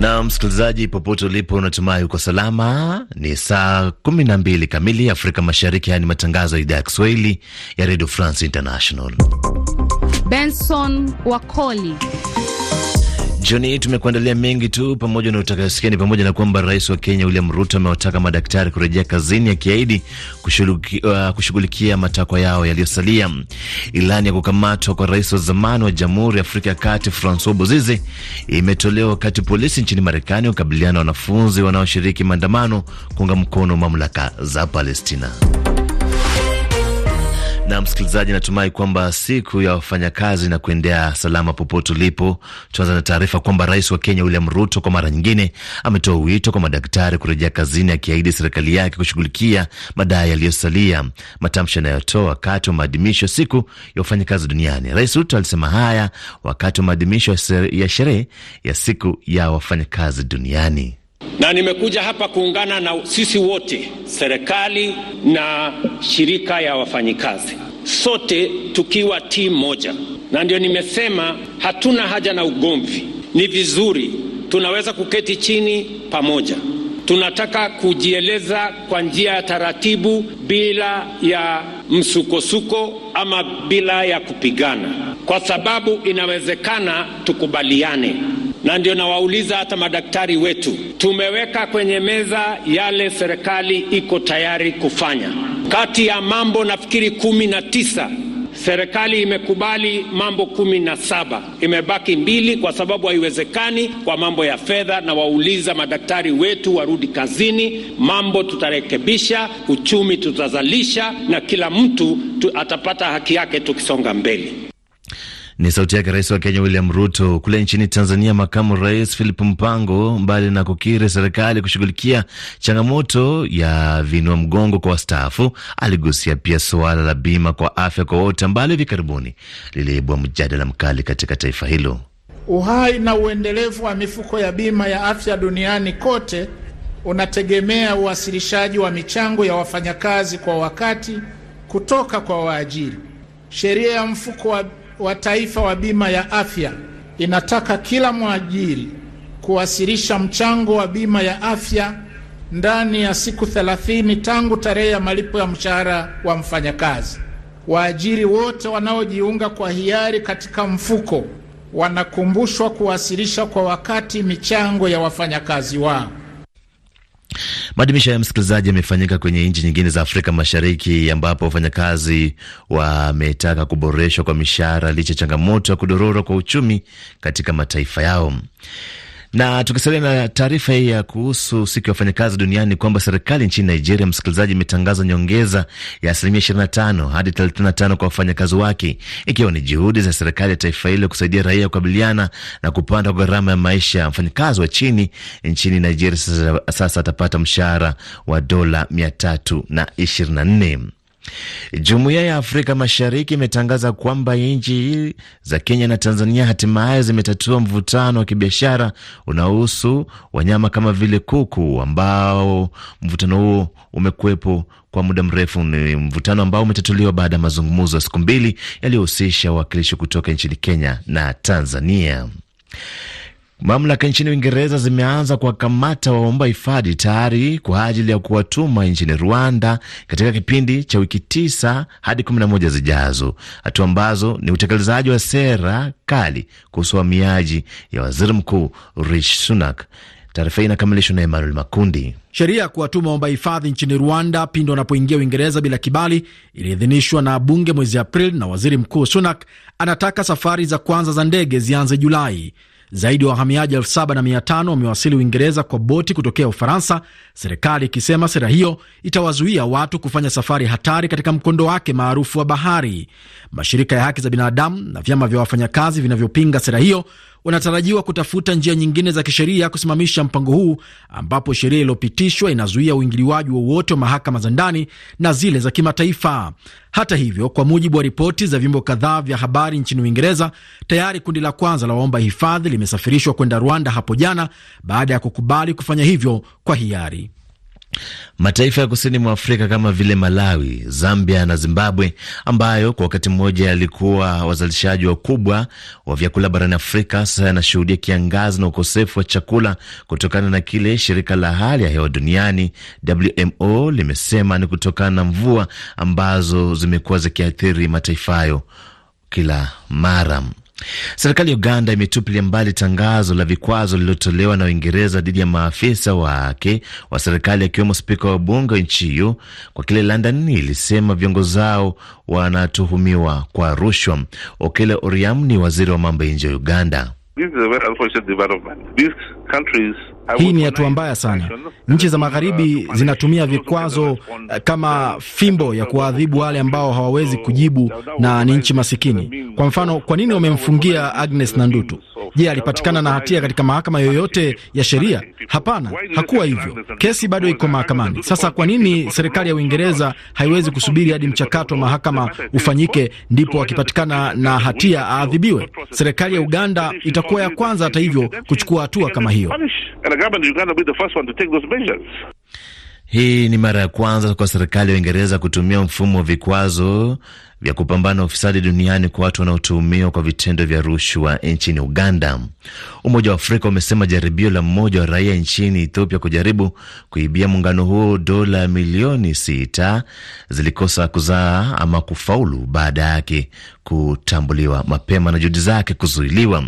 Na msikilizaji, popote ulipo, unatumai uko salama. Ni saa 12 kamili Afrika Mashariki, yaani matangazo ya idhaa ya Kiswahili ya Radio France International. Benson Wakoli Jioni tumekuandalia mengi tu, pamoja na utakasikia ni pamoja na kwamba rais wa Kenya William Ruto amewataka madaktari kurejea kazini, akiahidi uh, kushughulikia uh, matakwa yao yaliyosalia. Ilani ya kukamatwa kwa rais wa zamani wa Jamhuri ya Afrika ya Kati Francois Bozize imetolewa wakati polisi nchini Marekani wakabiliana na wanafunzi wanaoshiriki maandamano kuunga mkono mamlaka za Palestina. Na msikilizaji, natumai kwamba siku ya wafanyakazi na kuendea salama popote ulipo. Tuanza na taarifa kwamba rais wa Kenya William Ruto kwa mara nyingine ametoa wito kwa madaktari kurejea kazini, akiahidi serikali yake kushughulikia madai yaliyosalia. Matamshi anayotoa wakati wa maadhimisho siku ya wafanyakazi duniani. Rais Ruto alisema haya wakati wa maadhimisho ya sherehe ya siku ya wafanyakazi duniani na nimekuja hapa kuungana na sisi wote, serikali na shirika ya wafanyikazi, sote tukiwa timu moja, na ndio nimesema hatuna haja na ugomvi. Ni vizuri tunaweza kuketi chini pamoja. Tunataka kujieleza kwa njia ya taratibu, bila ya msukosuko ama bila ya kupigana, kwa sababu inawezekana tukubaliane na ndio nawauliza hata madaktari wetu, tumeweka kwenye meza yale serikali iko tayari kufanya. Kati ya mambo nafikiri kumi na tisa serikali imekubali mambo kumi na saba imebaki mbili kwa sababu haiwezekani kwa mambo ya fedha. Na wauliza madaktari wetu warudi kazini, mambo tutarekebisha, uchumi tutazalisha, na kila mtu tu atapata haki yake tukisonga mbele. Ni sauti yake rais wa Kenya William Ruto. Kule nchini Tanzania, makamu rais Philip Mpango, mbali na kukiri serikali kushughulikia changamoto ya vinua mgongo kwa wastaafu, aligusia pia suala la bima kwa afya kwa wote ambalo hivi karibuni liliibua mjadala mkali katika taifa hilo. Uhai na uendelevu wa mifuko ya bima ya afya duniani kote unategemea uwasilishaji wa michango ya wafanyakazi kwa wakati kutoka kwa waajiri. Sheria ya mfuko wa wa Taifa wa Bima ya Afya inataka kila mwajiri kuwasilisha mchango wa bima ya afya ndani ya siku 30 tangu tarehe ya malipo ya mshahara wa mfanyakazi. Waajiri wote wanaojiunga kwa hiari katika mfuko wanakumbushwa kuwasilisha kwa wakati michango ya wafanyakazi wao. Maadhimisho ya msikilizaji yamefanyika kwenye nchi nyingine za Afrika Mashariki, ambapo wafanyakazi wametaka kuboreshwa kwa mishahara licha ya changamoto ya kudorora kwa uchumi katika mataifa yao. Na tukisalia na taarifa hii ya kuhusu siku ya wafanyakazi duniani, kwamba serikali nchini Nigeria, msikilizaji, imetangaza nyongeza ya asilimia 25 hadi 35 kwa wafanyakazi wake, ikiwa ni juhudi za serikali ya taifa hilo kusaidia raia kukabiliana na kupanda kwa gharama ya maisha. Mfanyakazi wa chini nchini Nigeria sasa atapata mshahara wa dola 324. Jumuiya ya Afrika Mashariki imetangaza kwamba nchi za Kenya na Tanzania hatimaye zimetatua mvutano wa kibiashara unaohusu wanyama kama vile kuku, ambao mvutano huo umekuwepo kwa muda mrefu. Ni mvutano ambao umetatuliwa baada ya mazungumzo ya siku mbili yaliyohusisha wawakilishi kutoka nchini Kenya na Tanzania. Mamlaka nchini Uingereza zimeanza kuwakamata waomba hifadhi tayari kwa ajili ya kuwatuma nchini Rwanda katika kipindi cha wiki tisa hadi kumi na moja zijazo, hatua ambazo ni utekelezaji wa sera kali kuhusu uhamiaji ya waziri mkuu Rishi Sunak. Taarifa hii inakamilishwa na Emmanuel Makundi. Sheria ya kuwatuma waomba hifadhi nchini Rwanda pindi wanapoingia Uingereza bila kibali iliidhinishwa na bunge mwezi Aprili, na waziri mkuu Sunak anataka safari za kwanza za ndege zianze Julai. Zaidi ya wahamiaji elfu saba na mia tano wamewasili Uingereza kwa boti kutokea Ufaransa, serikali ikisema sera hiyo itawazuia watu kufanya safari hatari katika mkondo wake maarufu wa bahari. Mashirika ya haki za binadamu na vyama vya wafanyakazi vinavyopinga sera hiyo unatarajiwa kutafuta njia nyingine za kisheria kusimamisha mpango huu, ambapo sheria iliyopitishwa inazuia uingiliwaji wowote wa mahakama za ndani na zile za kimataifa. Hata hivyo, kwa mujibu wa ripoti za vyombo kadhaa vya habari nchini Uingereza, tayari kundi la kwanza la waomba hifadhi limesafirishwa kwenda Rwanda hapo jana baada ya kukubali kufanya hivyo kwa hiari. Mataifa ya kusini mwa Afrika kama vile Malawi, Zambia na Zimbabwe, ambayo kwa wakati mmoja yalikuwa wazalishaji wakubwa wa vyakula barani Afrika, sasa yanashuhudia kiangazi na ukosefu wa chakula kutokana na kile shirika la hali ya hewa duniani WMO limesema ni kutokana na mvua ambazo zimekuwa zikiathiri mataifa hayo kila mara. Serikali ya Uganda imetupilia mbali tangazo la vikwazo lililotolewa na Uingereza dhidi ya maafisa wake wa serikali akiwemo spika wa bunge nchi hiyo kwa kile London ilisema viongozi hao wanatuhumiwa kwa rushwa. Okele Oriam ni waziri wa mambo ya nje ya Uganda. This is a very hii ni hatua mbaya sana. Nchi za magharibi zinatumia vikwazo eh, kama fimbo ya kuwaadhibu wale ambao hawawezi kujibu na ni nchi masikini. Kwa mfano, kwa nini wamemfungia Agnes Nandutu? Je, alipatikana na hatia katika mahakama yoyote ya sheria? Hapana, hakuwa hivyo. Kesi bado iko mahakamani. Sasa kwa nini serikali ya Uingereza haiwezi kusubiri hadi mchakato wa mahakama ufanyike, ndipo akipatikana na hatia aadhibiwe? Serikali ya Uganda itakuwa ya kwanza, hata hivyo, kuchukua hatua kama hiyo. Hii ni mara ya kwanza kwa serikali ya Uingereza kutumia mfumo wa vikwazo vya kupambana ufisadi duniani kwa watu wanaotuhumiwa kwa vitendo vya rushwa nchini Uganda. Umoja wa Afrika umesema jaribio la mmoja wa raia nchini Ethiopia kujaribu kuibia muungano huo dola milioni sita zilikosa kuzaa ama kufaulu baada yake kutambuliwa mapema na juhudi zake kuzuiliwa.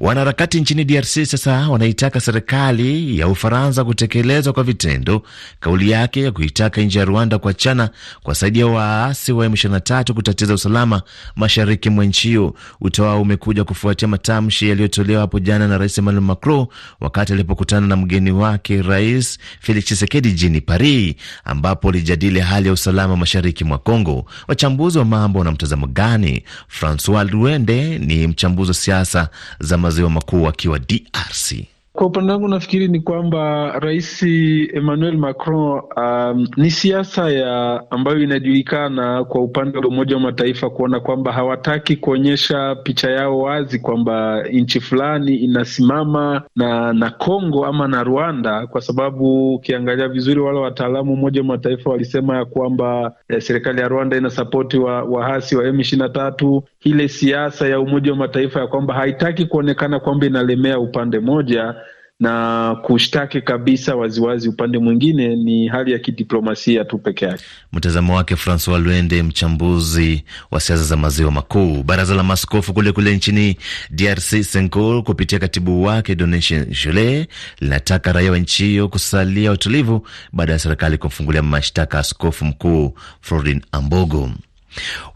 Wanaharakati nchini DRC sasa wanaitaka serikali ya Ufaransa kutekelezwa kwa vitendo kauli yake ya kuitaka nchi ya Rwanda kuachana kuwasaidia waasi wa M23 kutatiza usalama mashariki mwa nchi hiyo. Utawao umekuja kufuatia matamshi yaliyotolewa hapo jana na Rais Emmanuel Macron wakati alipokutana na mgeni wake Rais Felix Tshisekedi jijini Paris, ambapo alijadili hali ya usalama mashariki mwa congo Wachambuzi wa mambo wana mtazamo gani? Francois Luende ni mchambuzi wa siasa za maziwa makuu akiwa DRC. Kwa upande wangu nafikiri ni kwamba Rais Emmanuel Macron um, ni siasa ya ambayo inajulikana kwa upande wa Umoja wa Mataifa kuona kwamba hawataki kuonyesha picha yao wazi kwamba nchi fulani inasimama na na Kongo ama na Rwanda, kwa sababu ukiangalia vizuri wale wataalamu Umoja wa Mataifa walisema ya kwamba eh, serikali ya Rwanda sapoti wa waasi wa M ishirini na tatu. Ile siasa ya Umoja wa Mataifa ya kwamba haitaki kuonekana kwamba inalemea upande moja na kushtaki kabisa waziwazi upande mwingine ni hali ya kidiplomasia tu peke yake. Mtazamo wake Francois Luende, mchambuzi wa siasa za maziwa makuu. Baraza la maskofu kule kule nchini DRC Senko, kupitia katibu wake Donatien Jule, linataka raia wa nchi hiyo kusalia utulivu baada ya serikali kumfungulia mashtaka askofu mkuu Florin Ambogo.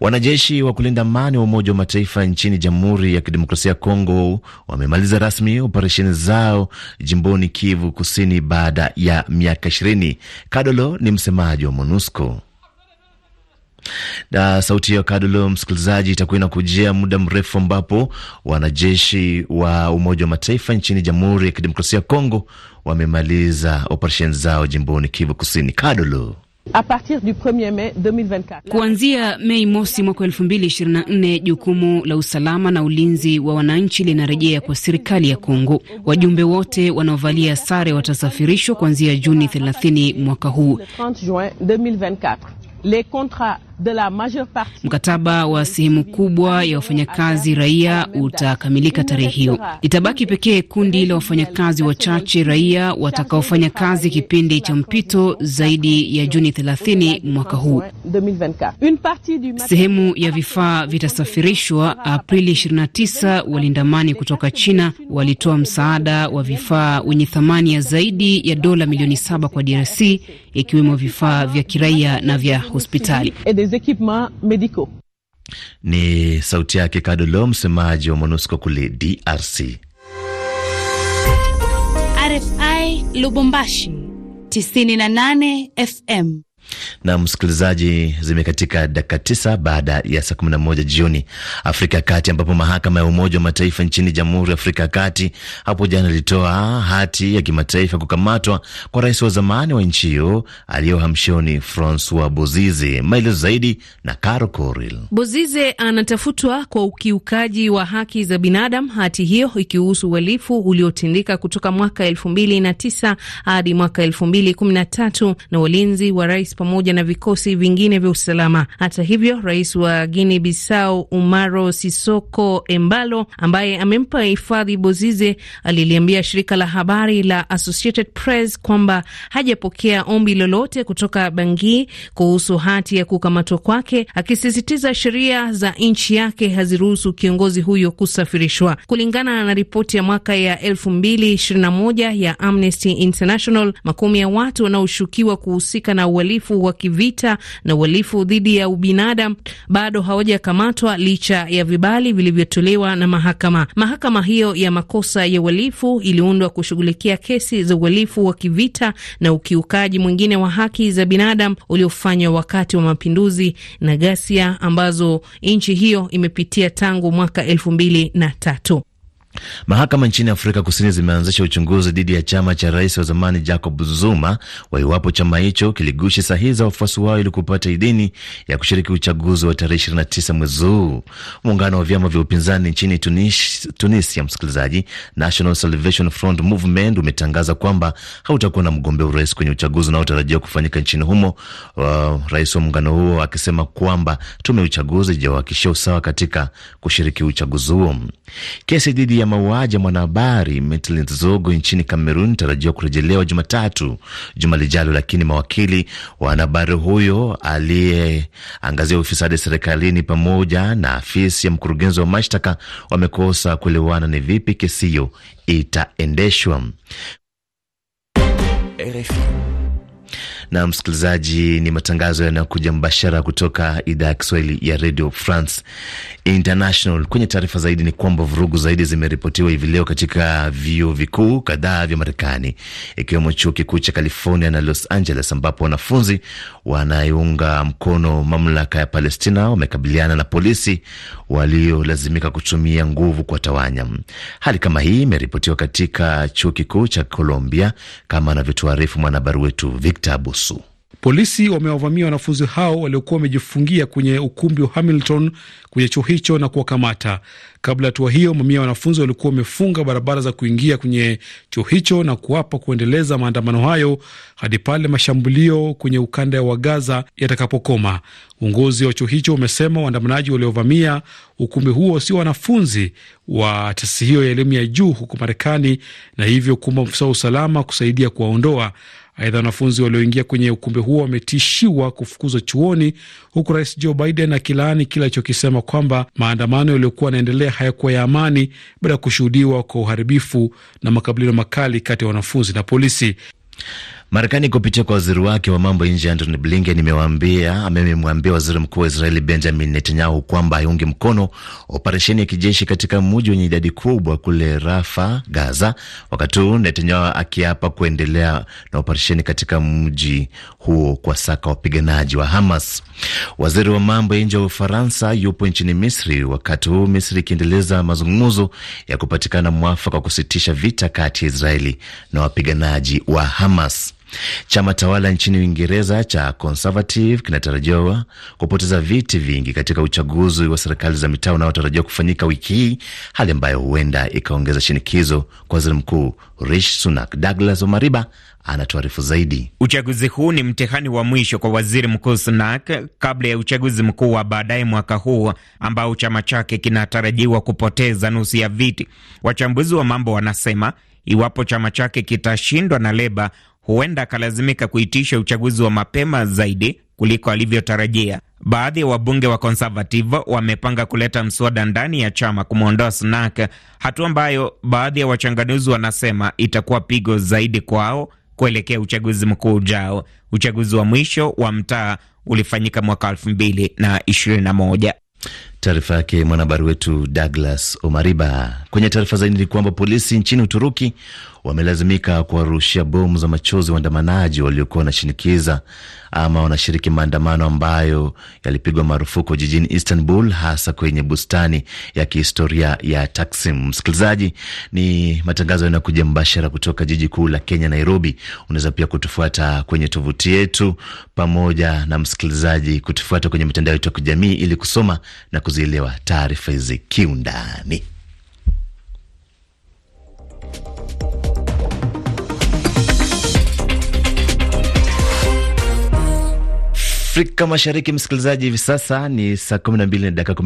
Wanajeshi wa kulinda amani wa Umoja wa Mataifa nchini Jamhuri ya Kidemokrasia ya Kongo wamemaliza rasmi operesheni zao jimboni Kivu Kusini baada ya miaka ishirini. Kadolo ni msemaji wa MONUSCO. Na sauti ya Kadolo, msikilizaji, itakuwa inakujia muda mrefu ambapo wanajeshi wa Umoja wa Mataifa nchini Jamhuri ya Kidemokrasia ya Kongo wamemaliza operesheni zao jimboni Kivu Kusini. Kadolo à partir du 1er mai 2024. Kuanzia Mei mosi mwaka 2024, jukumu la usalama na ulinzi wa wananchi linarejea kwa serikali ya Kongo. Wajumbe wote wanaovalia sare watasafirishwa kuanzia Juni 30 mwaka huu. 30 juin 2024. Les contrats Mkataba wa sehemu kubwa ya wafanyakazi raia utakamilika tarehe hiyo. Litabaki pekee kundi la wafanyakazi wachache raia watakaofanya kazi kipindi cha mpito zaidi ya Juni 30 mwaka huu. Sehemu ya vifaa vitasafirishwa. Aprili 29, walindamani kutoka China walitoa msaada wa vifaa wenye thamani ya zaidi ya dola milioni 7 kwa DRC, ikiwemo vifaa vya kiraia na vya hospitali les équipements médicaux. Ni sauti yake Kadolo, msemaji wa MONUSCO kule DRC. RFI Lubumbashi 98 FM. Na msikilizaji, zimekatika dakika tisa baada ya saa kumi na moja jioni Afrika ya Kati, ambapo mahakama ya Umoja wa Mataifa nchini Jamhuri ya Afrika ya Kati hapo jana ilitoa hati ya kimataifa kukamatwa kwa rais wa zamani wa nchi hiyo aliye uhamshoni Francois Bozize. Maelezo zaidi na Caro Coril. Bozize anatafutwa kwa ukiukaji wa haki za binadamu, hati hiyo ikihusu uhalifu uliotindika kutoka mwaka elfu mbili na tisa hadi mwaka elfu mbili kumi na tatu na walinzi wa rais pamoja na vikosi vingine vya usalama. Hata hivyo, rais wa guine Bissau Umaro Sisoko Embalo, ambaye amempa hifadhi Bozize, aliliambia shirika la habari la Associated Press kwamba hajapokea ombi lolote kutoka bangi kuhusu hati ya kukamatwa kwake, akisisitiza sheria za nchi yake haziruhusu kiongozi huyo kusafirishwa. Kulingana na ripoti ya mwaka ya 2021 ya Amnesty International, makumi ya watu wanaoshukiwa kuhusika na uhalifu uhalifu wa kivita na uhalifu dhidi ya ubinadamu bado hawajakamatwa licha ya vibali vilivyotolewa na mahakama. Mahakama hiyo ya makosa ya uhalifu iliundwa kushughulikia kesi za uhalifu wa kivita na ukiukaji mwingine wa haki za binadamu uliofanywa wakati wa mapinduzi na ghasia ambazo nchi hiyo imepitia tangu mwaka elfu mbili na tatu. Mahakama nchini Afrika Kusini zimeanzisha uchunguzi dhidi ya chama cha rais wa zamani Jacob Zuma wa iwapo chama hicho kiligushi sahihi za wafuasi wao ili kupata idhini ya kushiriki uchaguzi wa tarehe 29 mwezi huu. Muungano wa vyama vya upinzani nchini Tunisia, Tunisia, msikilizaji, National Salvation Front Movement umetangaza kwamba hautakuwa na mgombea urais kwenye uchaguzi unaotarajiwa kufanyika nchini humo, uh, rais wa muungano huo akisema kwamba tume ya uchaguzi haijawahakikishia usawa katika kushiriki uchaguzi huo. Kesi dhidi ya mauaji ya mwanahabari Metlin Zogo nchini Kamerun tarajiwa kurejelewa Jumatatu juma lijalo, lakini mawakili wa wanahabari huyo aliyeangazia ufisadi serikalini pamoja na afisi ya mkurugenzi wa mashtaka wamekosa kuelewana ni vipi kesi hiyo itaendeshwa. RFI. Na msikilizaji, ni matangazo yanayokuja mbashara kutoka idhaa ya Kiswahili ya Radio France International. Kwenye taarifa zaidi ni kwamba vurugu zaidi zimeripotiwa hivi leo katika vyuo vikuu kadhaa vya Marekani, ikiwemo chuo kikuu cha California na Los Angeles, ambapo wanafunzi wanaiunga mkono mamlaka ya Palestina wamekabiliana na polisi waliolazimika kutumia nguvu kuwatawanya. Hali kama hii imeripotiwa katika chuo kikuu cha Colombia, kama anavyotuarifu mwanahabari wetu Victor Abusu. Polisi wamewavamia wanafunzi hao waliokuwa wamejifungia kwenye ukumbi wa Hamilton kwenye chuo hicho na kuwakamata. Kabla ya hatua hiyo, mamia ya wanafunzi walikuwa wamefunga barabara za kuingia kwenye chuo hicho na kuapa kuendeleza maandamano hayo hadi pale mashambulio kwenye ukanda wa Gaza yatakapokoma. Uongozi wa chuo hicho umesema waandamanaji waliovamia ukumbi huo sio wanafunzi wa taasisi hiyo ya elimu ya juu huko Marekani, na hivyo kuomba maafisa wa usalama kusaidia kuwaondoa. Aidha, wanafunzi walioingia kwenye ukumbi huo wametishiwa kufukuzwa chuoni, huku Rais Joe Biden akilaani kile alichokisema kwamba maandamano yaliyokuwa yanaendelea hayakuwa ya amani, baada ya kushuhudiwa kwa uharibifu na makabiliano makali kati ya wanafunzi na polisi. Marekani kupitia kwa waziri wake wa mambo ya nje Antony Blinken imewaambia amemwambia waziri mkuu wa Israeli Benjamin Netanyahu kwamba haiungi mkono operesheni ya kijeshi katika mji wenye idadi kubwa kule Rafa, Gaza, wakati huu Netanyahu akiapa kuendelea na operesheni katika mji huo kwa saka wapiganaji wa Hamas. Waziri wa mambo ya nje wa Ufaransa yupo nchini Misri wakati huu Misri ikiendeleza mazungumzo ya kupatikana mwafaka wa kusitisha vita kati ya Israeli na wapiganaji wa Hamas. Chama tawala nchini Uingereza cha Conservative kinatarajiwa kupoteza viti vingi katika uchaguzi wa serikali za mitaa unaotarajiwa kufanyika wiki hii, hali ambayo huenda ikaongeza shinikizo kwa waziri mkuu Rishi Sunak. Douglas Omariba anatuarifu zaidi. Uchaguzi huu ni mtihani wa mwisho kwa waziri mkuu Sunak kabla ya uchaguzi mkuu wa baadaye mwaka huu ambao chama chake kinatarajiwa kupoteza nusu ya viti. Wachambuzi wa mambo wanasema iwapo chama chake kitashindwa na Leba huenda akalazimika kuitisha uchaguzi wa mapema zaidi kuliko alivyotarajia. Baadhi ya wabunge wa Conservative wamepanga kuleta mswada ndani ya chama kumwondoa Sunak, hatua ambayo baadhi ya wachanganuzi wanasema itakuwa pigo zaidi kwao kuelekea uchaguzi mkuu ujao. Uchaguzi wa mwisho wa mtaa ulifanyika mwaka 2021. Taarifa yake mwanahabari wetu Douglas Omariba. Kwenye taarifa zaidi ni kwamba polisi nchini Uturuki wamelazimika kuwarushia bomu za machozi waandamanaji waliokuwa wanashinikiza ama wanashiriki maandamano ambayo yalipigwa marufuku jijini Istanbul, hasa kwenye bustani ya kihistoria ya Taksim. Msikilizaji, ni matangazo yanayokuja mbashara kutoka jiji kuu la Kenya, Nairobi. Unaweza pia kutufuata kwenye tovuti yetu, pamoja na msikilizaji kutufuata kwenye mitandao yetu ya kijamii ili kusoma na kuzielewa taarifa hizi kiundani. Afrika Mashariki, msikilizaji, hivi sasa ni saa 12 na dakika